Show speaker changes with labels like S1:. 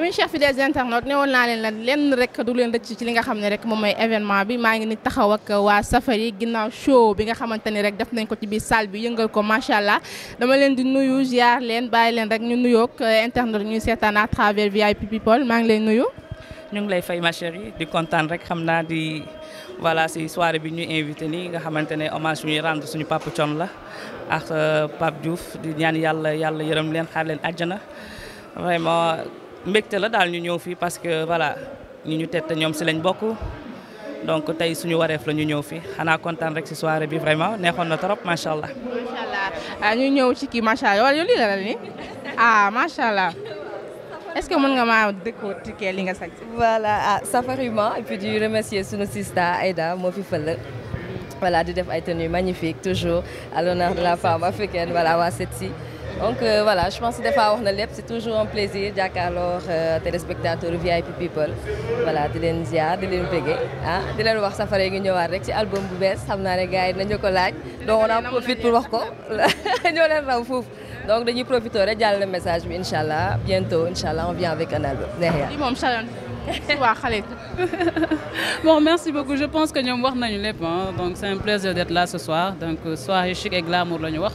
S1: amin Cheikh fidèles internautes newoon naa leen len lenn rek du len rëcc ci li nga xamne rek mom mooy événement bi ma ngi ni taxaw ak wa safari ginnaaw show bi nga xamanteni rek def nañ ko ci bi salle bi yeungal ko machallah dama len di nuyu ziar len baye len rek ñu ak internautes ñu seetaan à travers VIP People ma ngi lay nuyu.
S2: ñu ngi lay fay ma chérie di contane rek xamna di voilà ci soirée bi ñu invité ni nga xamante hommage ñu rendre suñu Papa chon la ak pap Diouf di ñaan yàlla yàlla yërëm len xaar len aljana vraiment. mbégte la très ñu ñëw fi parce que voilà ñu ñu donc tay suñu waréf la ñu ñëw fi xana très rek soirée bi vraiment na trop machallah machallah ah, ñu ñëw ci ki machallah wala la ah
S3: machallah est-ce que mën nga li nga sax. voilà ah humain. et puis du remercier suñu sista aida mo fi voilà di def ay tenues magnifiques toujours à l'honneur de la femme africaine voilà wa donc euh, voilà je pense que wax c'est toujours un plaisir jàkkaarloo euh, téléspectateurs VIP people voilà di leen ziar di leen bége ah di voir wax safara yi ngi ñëwaat rek ci album bu bees xam naa ne gars yi donc on en profite pour wax ko ñoo leen raw fouf. donc dañuy profiter rek le message bi inshallah bientôt inshallah on vient avec un album
S4: bon merci beaucoup je pense que nous wax nañu lépp hein. donc c'est un plaisir d'être là ce soir donc euh, soirée chic et glamour la ñu wax